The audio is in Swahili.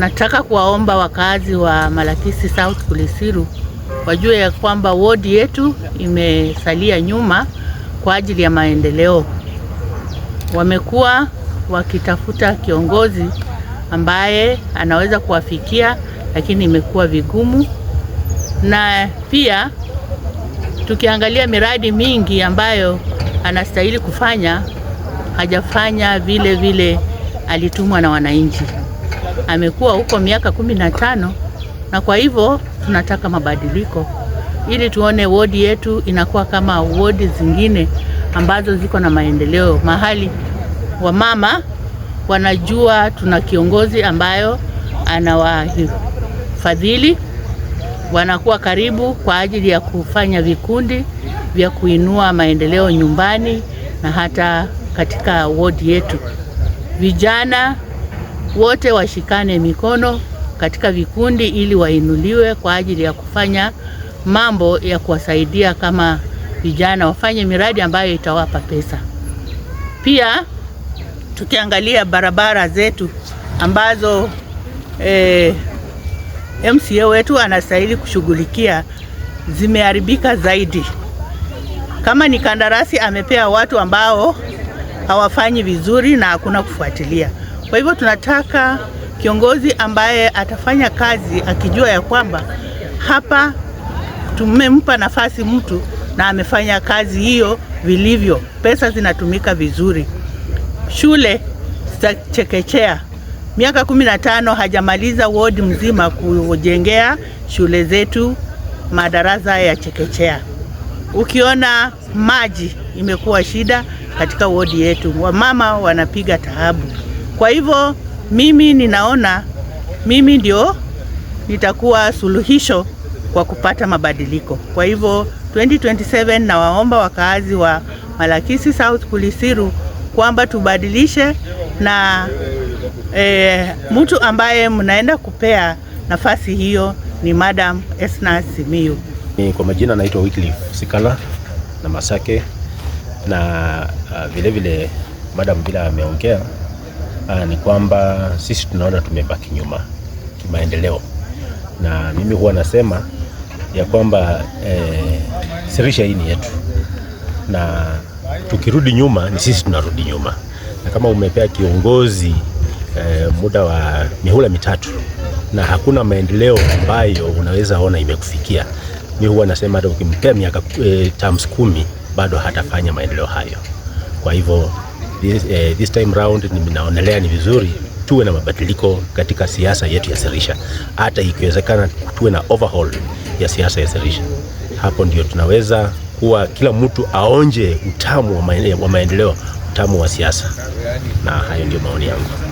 Nataka kuwaomba wakazi wa Malakisi South Kulisiru wajue ya kwamba wodi yetu imesalia nyuma kwa ajili ya maendeleo. Wamekuwa wakitafuta kiongozi ambaye anaweza kuwafikia, lakini imekuwa vigumu. Na pia tukiangalia miradi mingi ambayo anastahili kufanya hajafanya vile vile alitumwa na wananchi amekuwa huko miaka kumi na tano na kwa hivyo tunataka mabadiliko ili tuone wodi yetu inakuwa kama wodi zingine ambazo ziko na maendeleo, mahali wamama wanajua tuna kiongozi ambayo anawafadhili, wanakuwa karibu kwa ajili ya kufanya vikundi vya kuinua maendeleo nyumbani na hata katika wodi yetu vijana wote washikane mikono katika vikundi ili wainuliwe kwa ajili ya kufanya mambo ya kuwasaidia kama vijana wafanye miradi ambayo itawapa pesa. Pia tukiangalia barabara zetu ambazo eh, MCA wetu anastahili kushughulikia zimeharibika zaidi. Kama ni kandarasi, amepea watu ambao hawafanyi vizuri na hakuna kufuatilia. Kwa hivyo tunataka kiongozi ambaye atafanya kazi akijua ya kwamba hapa tumempa nafasi mtu na amefanya kazi hiyo vilivyo, pesa zinatumika vizuri, shule za chekechea miaka kumi na tano hajamaliza ward mzima kujengea shule zetu madarasa ya chekechea. Ukiona maji imekuwa shida katika wodi yetu, wamama wanapiga taabu. Kwa hivyo mimi ninaona mimi ndio nitakuwa suluhisho kwa kupata mabadiliko. Kwa hivyo 2027 nawaomba wakaazi wa Malakisi South Kulisiru kwamba tubadilishe na e, mtu ambaye mnaenda kupea nafasi hiyo ni Madam Esna Simiyu. Kwa majina naitwa Wycliffe Sikala na Masake na vilevile ah, uh, vile Madam Bila ameongea uh, ni kwamba sisi tunaona tumebaki nyuma kimaendeleo, na mimi huwa nasema ya kwamba eh, Sirisha hii ni yetu, na tukirudi nyuma ni sisi tunarudi nyuma, na kama umepea kiongozi eh, muda wa mihula mitatu na hakuna maendeleo ambayo unaweza ona imekufikia, mi huwa nasema hata ukimpea miaka eh, tams kumi bado hatafanya maendeleo hayo. Kwa hivyo this, eh, this time round ninaonelea ni vizuri tuwe na mabadiliko katika siasa yetu ya Serisha, hata ikiwezekana tuwe na overhaul ya siasa ya Serisha. Hapo ndio tunaweza kuwa kila mtu aonje utamu wa maendeleo, utamu wa siasa, na hayo ndio maoni yangu.